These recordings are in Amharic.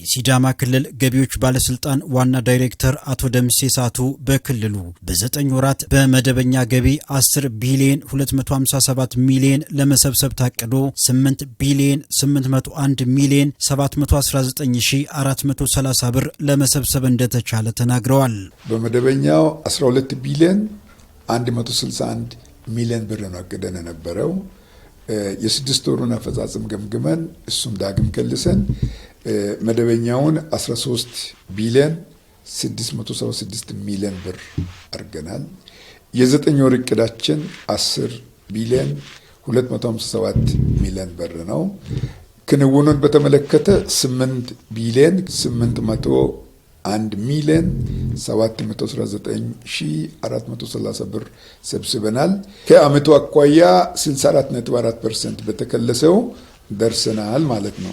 የሲዳማ ክልል ገቢዎች ባለስልጣን ዋና ዳይሬክተር አቶ ደምሴ ሳቱ በክልሉ በዘጠኝ ወራት በመደበኛ ገቢ 10 ቢሊዮን 257 ሚሊዮን ለመሰብሰብ ታቅዶ 8 ቢሊዮን 801 ሚሊዮን 719430 ብር ለመሰብሰብ እንደተቻለ ተናግረዋል። በመደበኛው 12 ቢሊዮን 161 ሚሊዮን ብር ነው አቅደን የነበረው። የስድስት ወሩን አፈጻጽም ገምግመን እሱም ዳግም ከልሰን መደበኛውን 13 ቢሊዮን 676 ሚሊዮን ብር አድርገናል። የዘጠኝ ወር እቅዳችን 10 ቢሊዮን 257 ሚሊዮን ብር ነው። ክንውኑን በተመለከተ 8 ቢሊዮን 801 ሚሊዮን 719430 ብር ሰብስበናል። ከአመቱ አኳያ 64.4 ፐርሰንት በተከለሰው ደርሰናል ማለት ነው።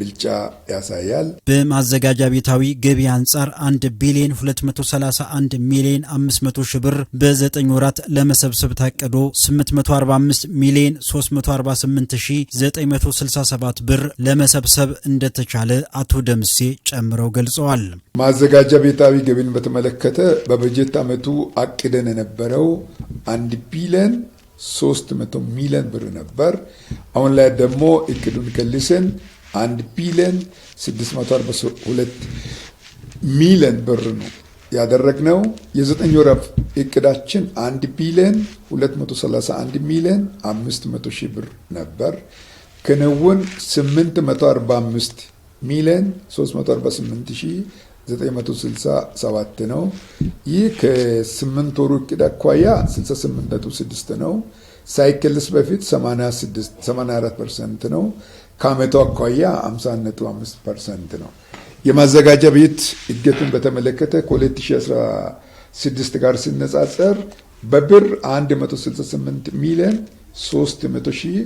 ብልጫ ያሳያል። በማዘጋጃ ቤታዊ ገቢ አንጻር 1 ቢሊዮን 231 ሚሊዮን 500 ሺህ ብር በ9 ወራት ለመሰብሰብ ታቅዶ 845 ሚሊዮን 967 ብር ለመሰብሰብ እንደተቻለ አቶ ደምሴ ጨምረው ገልጸዋል። ማዘጋጃ ቤታዊ ገቢን በተመለከተ በበጀት ዓመቱ አቅደን የነበረው 1 ቢሊዮን 300 ሚሊዮን ብር ነበር። አሁን ላይ ደግሞ እቅዱን ከልሰን አንድ ቢሊዮን 642 ሚሊዮን ብር ነው ያደረግነው። የዘጠኝ ወረፍ እቅዳችን አንድ ቢሊዮን 231 ሚሊዮን 500 ሺህ ብር ነበር። ክንውን 845 ሚሊዮን 348 ሺህ 967 ነው። ይህ ከ8 ወሩ እቅድ አኳያ 68.6 ነው። ሳይክልስ በፊት 84 ፐርሰንት ነው። ከአመቱ አኳያ 55% ፐርሰንት ነው። የማዘጋጃ ቤት እድገቱን በተመለከተ ከ2016 ጋር ሲነጻጸር በብር 168 ሚሊዮን 300 ሺህ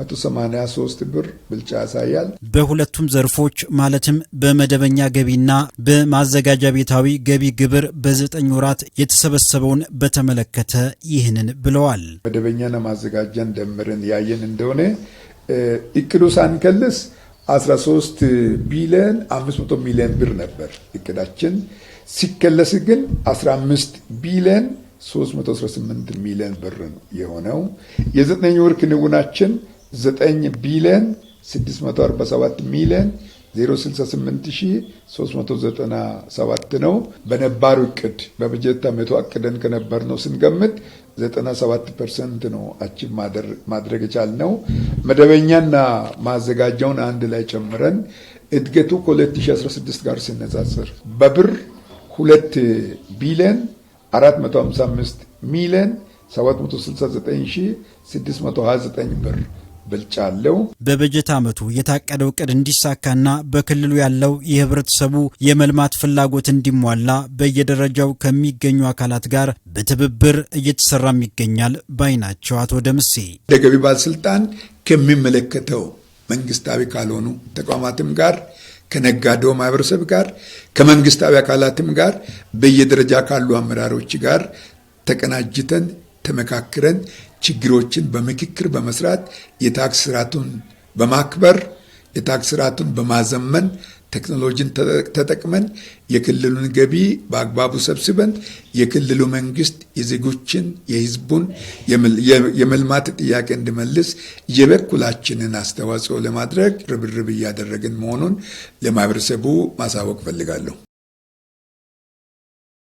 183 ብር ብልጫ ያሳያል። በሁለቱም ዘርፎች ማለትም በመደበኛ ገቢና በማዘጋጃ ቤታዊ ገቢ ግብር በዘጠኝ ወራት የተሰበሰበውን በተመለከተ ይህንን ብለዋል። መደበኛና ማዘጋጃን ደምረን ያየን እንደሆነ እቅዱ ሳንከልስ 13 ቢሊዮን 500 ሚሊዮን ብር ነበር እቅዳችን። ሲከለስ ግን 15 ቢሊዮን 318 ሚሊዮን ብር የሆነው የዘጠኝ ወር ክንውናችን 9 ቢሊዮን 647 ሚሊዮን 068397 ነው። በነባሩ እቅድ በበጀት ዓመቱ አቅደን ከነበር ነው ስንገምት 97 ፐርሰንት ነው አቺቭ ማድረግ የቻልነው። መደበኛና ማዘጋጃውን አንድ ላይ ጨምረን እድገቱ ከ2016 ጋር ሲነጻጽር በብር 2 ቢሊዮን 455 ሚሊዮን 769,629 ብር ብልጫ አለው። በበጀት ዓመቱ የታቀደው እቅድ እንዲሳካና በክልሉ ያለው የህብረተሰቡ የመልማት ፍላጎት እንዲሟላ በየደረጃው ከሚገኙ አካላት ጋር በትብብር እየተሰራም ይገኛል ባይ ናቸው አቶ ደምሴ። ደገቢ ባለስልጣን ከሚመለከተው መንግስታዊ ካልሆኑ ተቋማትም ጋር ከነጋዴው ማህበረሰብ ጋር ከመንግስታዊ አካላትም ጋር በየደረጃ ካሉ አመራሮች ጋር ተቀናጅተን ተመካክረን ችግሮችን በምክክር በመስራት የታክስ ስርዓቱን በማክበር የታክስ ስርዓቱን በማዘመን ቴክኖሎጂን ተጠቅመን የክልሉን ገቢ በአግባቡ ሰብስበን የክልሉ መንግስት የዜጎችን የህዝቡን የመልማት ጥያቄ እንዲመልስ የበኩላችንን አስተዋጽኦ ለማድረግ ርብርብ እያደረግን መሆኑን ለማህበረሰቡ ማሳወቅ ፈልጋለሁ።